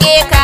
roƙe ka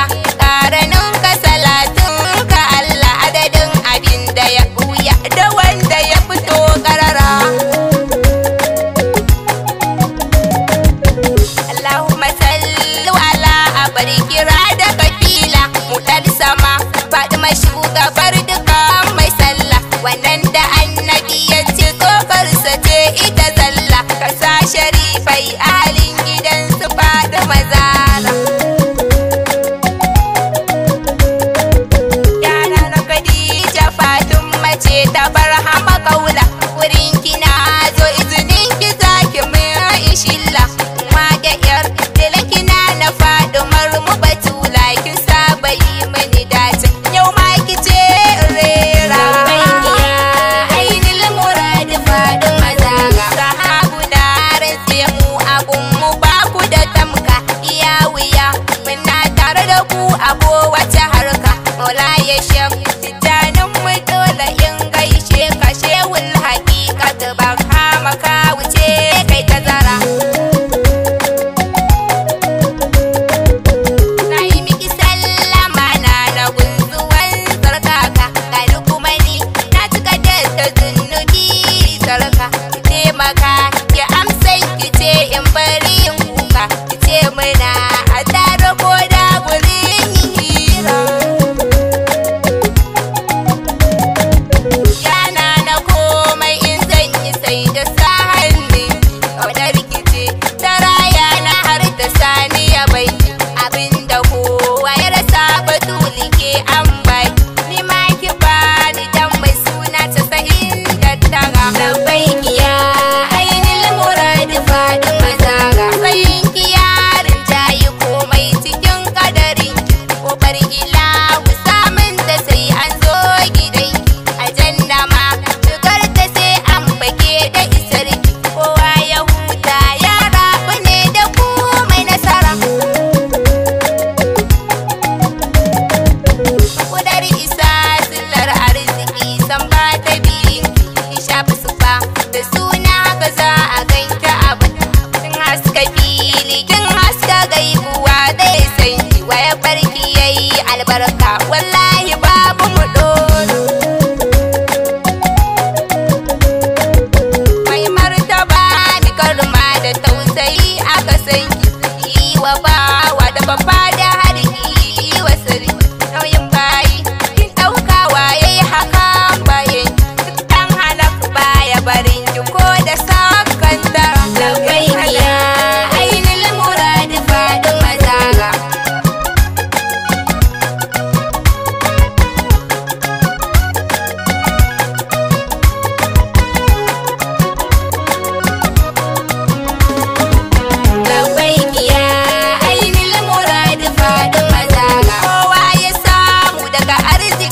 nobody get albarka wallahi babu mu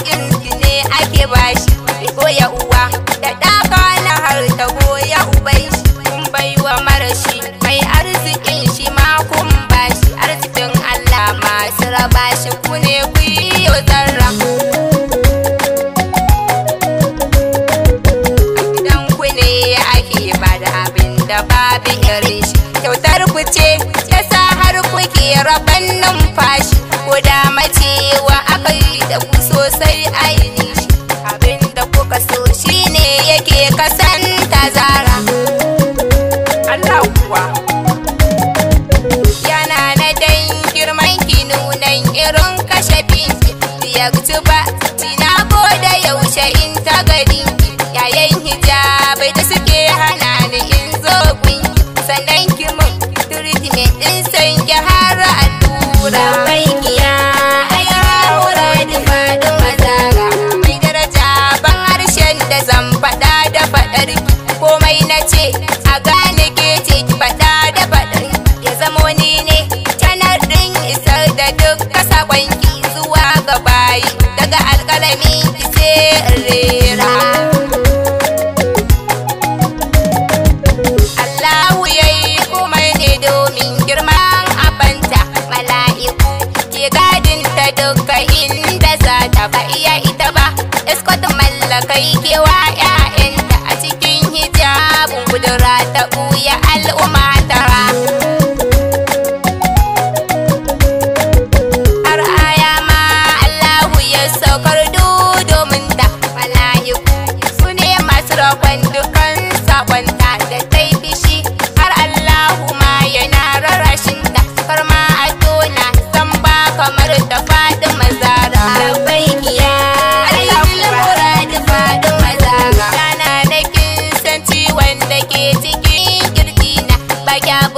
haƙƙin ne ake bashi make a stand. água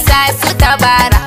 sai puta